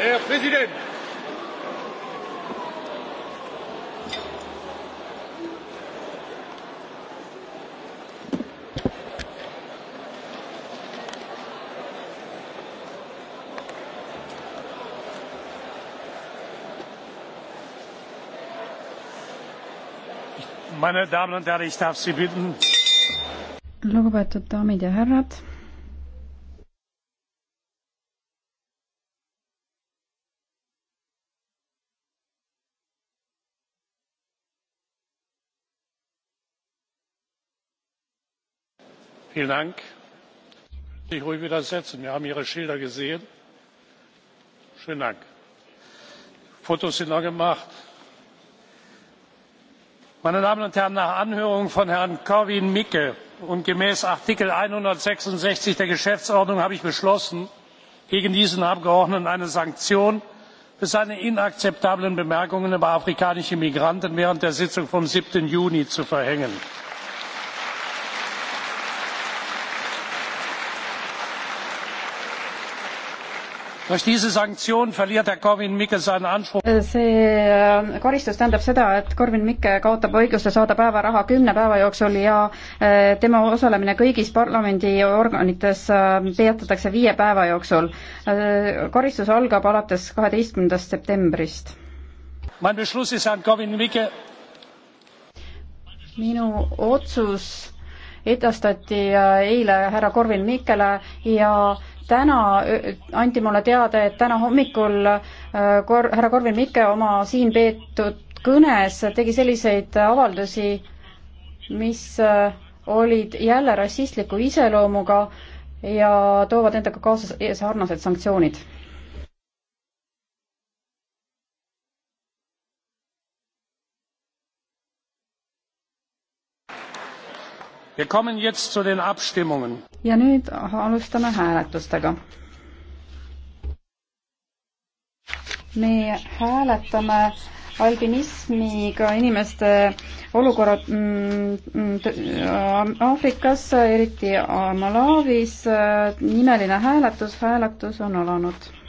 Herr Präsident! meine Damen und Herren, ich darf Sie bitten. Lugupeetud daamid ja härrad vielen dank! sie können sich ruhig wieder setzen. wir haben ihre schilder gesehen. schönen dank! fotos sind noch gemacht. meine damen und herren! nach anhörung von herrn korwin mikke und gemäß artikel einhundertsechsundsechzig der geschäftsordnung habe ich beschlossen gegen diesen abgeordneten eine sanktion für seine inakzeptablen bemerkungen über afrikanische migranten während der sitzung vom. sieben juni zu verhängen. Äh, see äh, karistus tähendab seda, et Corvin Mikke kaotab õiguse saada päevaraha kümne päeva jooksul ja äh, tema osalemine kõigis parlamendiorganites peatatakse viie päeva jooksul. karistus algab alates kaheteistkümnendast septembrist. minu otsus edastati eile härra Corvin Mikkele ja täna anti mulle teada, et täna hommikul äh, kor-, härra Korvin Mikke oma siin peetud kõnes tegi selliseid avaldusi, mis äh, olid jälle rassistliku iseloomuga ja toovad endaga kaasa sarnased sanktsioonid ja nüüd alustame hääletustega. me hääletame albinismiga inimeste olukorra mm, äh, Aafrikas, eriti Malawis. nimeline hääletus, hääletus on alanud